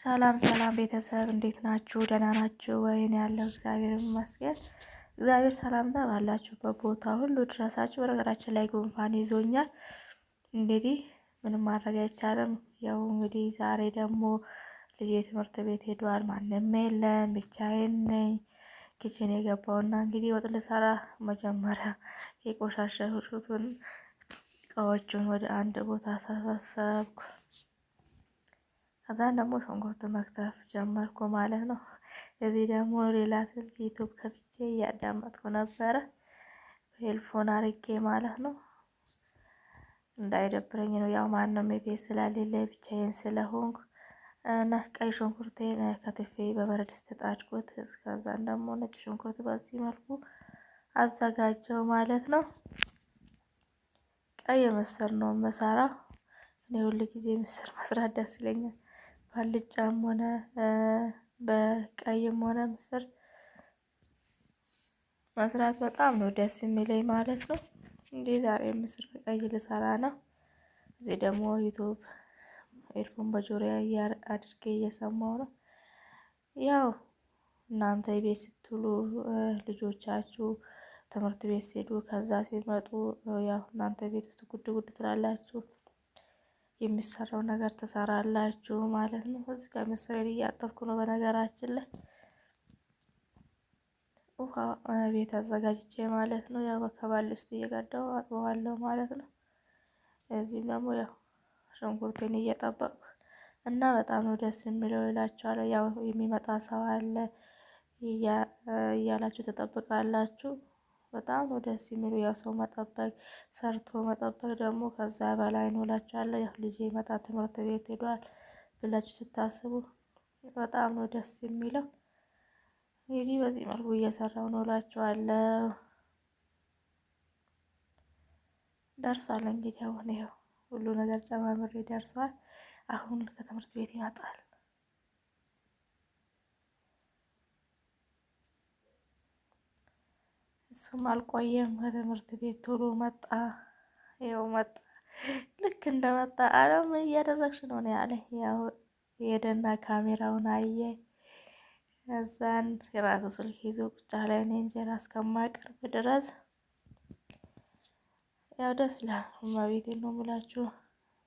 ሰላም ሰላም ቤተሰብ እንዴት ናችሁ? ደህና ናችሁ ወይን? ያለው እግዚአብሔር ይመስገን። እግዚአብሔር ሰላምታ ባላችሁበት ቦታ ሁሉ ድረሳችሁ። በነገራችን ላይ ጉንፋን ይዞኛል፣ እንግዲህ ምንም ማድረግ አይቻልም። ያው እንግዲህ ዛሬ ደግሞ ልጄ ትምህርት ቤት ሄዷል፣ ማንም የለም፣ ብቻዬን ነኝ። ኪችን የገባውና እንግዲህ ወጥ ልሰራ መጀመሪያ የቆሻሸ ሁቱን እቃዎቹን ወደ አንድ ቦታ ሰበሰብኩ። ከዛ ደግሞ ሽንኩርት መክተፍ ጀመርኩ ማለት ነው። እዚህ ደግሞ ሌላ ስልክ ዩቱብ ከፍቼ እያዳመጥኩ ነበረ ሄልፎን አርጌ ማለት ነው። እንዳይደብረኝ ነው ያው ማንም ቤት ስላሌለ ብቻዬን ስለሆንኩ እና ቀይ ሽንኩርቴ ከትፌ በበረድስ ተጣጭቁት። እስከዛን ደግሞ ነጭ ሽንኩርት በዚህ መልኩ አዘጋጀው ማለት ነው። ቀይ ምስር ነው መሰራ። እኔ ሁሉ ጊዜ ምስር መስራት ደስ ይለኛል። በአልጫም ሆነ በቀይም ሆነ ምስር መስራት በጣም ነው ደስ የሚለኝ ማለት ነው። እንግዲህ ዛሬ ምስር በቀይ ልሰራ ነው። እዚህ ደግሞ ዩቱብ ኤርፎን በጆሮዬ አድርጌ እየሰማው ነው። ያው እናንተ ቤት ስትሉ ልጆቻችሁ ትምህርት ቤት ሲሄዱ ከዛ ሲመጡ ያው እናንተ ቤት ውስጥ ጉድ ጉድ ትላላችሁ። የሚሰራው ነገር ትሰራላችሁ ማለት ነው። እዚህ ጋር ምስሬን እያጠብኩ ነው። በነገራችን ላይ ውሃ ቤት አዘጋጅቼ ማለት ነው። ያው ከባል ውስጥ እየቀዳሁ አጥበዋለሁ ማለት ነው። እዚህም ደግሞ ያው ሽንኩርቴን እየጠበቅኩ እና በጣም ነው ደስ የሚለው ይላችኋለሁ። ያው የሚመጣ ሰው አለ እያላችሁ ትጠብቃላችሁ። በጣም ነው ደስ የሚሉ። ያው ሰው መጠበቅ ሰርቶ መጠበቅ ደግሞ ከዛ በላይ ነው እላችኋለሁ። ያው ልጄ መጣ ትምህርት ቤት ሄዷል ብላችሁ ስታስቡ በጣም ነው ደስ የሚለው። እንግዲህ በዚህ መልኩ እየሰራው ነው ደርሷል እንግዲህ አሁን ይኸው ሁሉ ነገር ጨማምሬ ደርሷል። አሁን ከትምህርት ቤት ይመጣል። እሱም አልቆየም ከትምህርት ቤት ቶሎ መጣ። ይኸው መጣ። ልክ እንደመጣ አለም እያደረግሽ ነው ያለ። ያው የደና ካሜራውን አየ። እዛን የራሱ ስልክ ይዞ ቁጫ ላይ እኔ እንጀራ እስከማቀርብ ድረስ ያው ደስ ይላል። እማቤቴ ነው የምላችሁ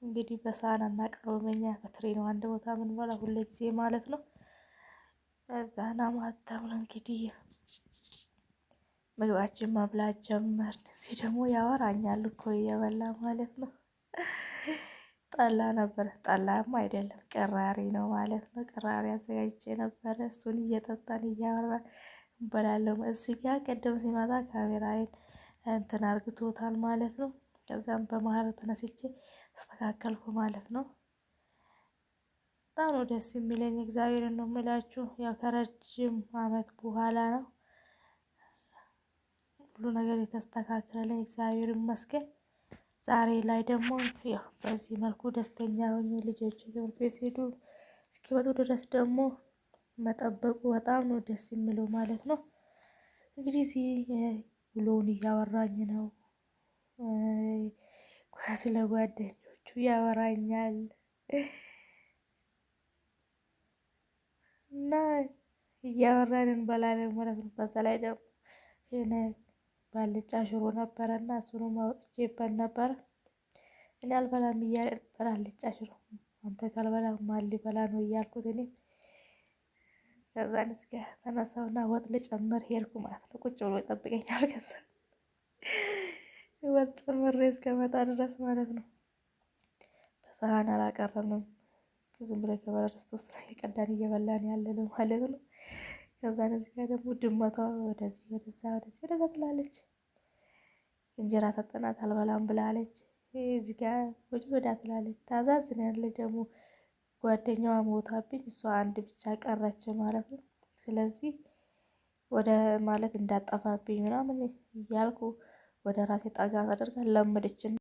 እንግዲህ በሳህን አናቀርብም እኛ ነው አንድ ቦታ ምንበላ ሁለ ሁሌ ጊዜ ማለት ነው። እዛና ማታም ነው እንግዲህ ምግባችን መብላት ጀመርን። እዚህ ደግሞ ያወራኛል እኮ እየበላ ማለት ነው። ጠላ ነበረ። ጠላም አይደለም ቅራሪ ነው ማለት ነው። ቅራሪ አዘጋጅቼ ነበረ። እሱን እየጠጣን እያወራ እንበላለን። እዚህ ጋ ቅድም ሲመጣ ካሜራዬን እንትን አርግቶታል ማለት ነው። ከዚያም በመሀል ተነስቼ አስተካከልኩ ማለት ነው። በጣም ነው ደስ የሚለኝ እግዚአብሔር ነው የምላችሁ። ያው ከረጅም አመት በኋላ ነው ሁሉ ነገር የተስተካከለ እግዚአብሔር ይመስገን። ዛሬ ላይ ደግሞ በዚህ መልኩ ደስተኛ ሆኜ ልጆች ትምህርት ቤት ሲሄዱ እስኪመጡ ድረስ ደግሞ መጠበቁ በጣም ነው ደስ የሚለው ማለት ነው። እንግዲህ እዚህ ብሎውን እያወራኝ ነው፣ ስለ ጓደኞቹ ያወራኛል እና እያወራንን በላለን ማለት ነው። በዛ ላይ ደግሞ ባልጫ ሽሮ ነበረ እና እሱንም አውጥቼ ይበል ነበረ። እኔ አልበላም እያለ ነበር አልጫ ሽሮ። አንተ ካልበላ ማን ሊበላ ነው እያልኩት እኔ ከዛን እስኪ ተነሳውና ወጥ ልጨምር ሄድኩ ማለት ነው። ቁጭ ብሎ ይጠብቀኛል። ከዛ ወጥ ጨምሬ እስከመጣ ድረስ ማለት ነው በሰሃን አላቀረብንም። ዝም ብሎ ከበረድስት ውስጥ ነው የቀዳን እየበላን ያለ ነው ማለት ነው። ከዛ እዚህ ጋር ደግሞ ድመቷ ወደዚህ ወደዛ ወደዚህ ወደዛ ትላለች። እንጀራ ሰጠናት አልበላም ብላለች። እዚህ ጋር ወዲ ወዳ ትላለች። ታዛዝን ያለ ደግሞ ጓደኛዋ ሞታብኝ እሷ አንድ ብቻ ቀረች ማለት ነው። ስለዚህ ወደ ማለት እንዳጠፋብኝ ምናምን እያልኩ ወደ ራሴ ጠጋ አደርጋ ለመደችን።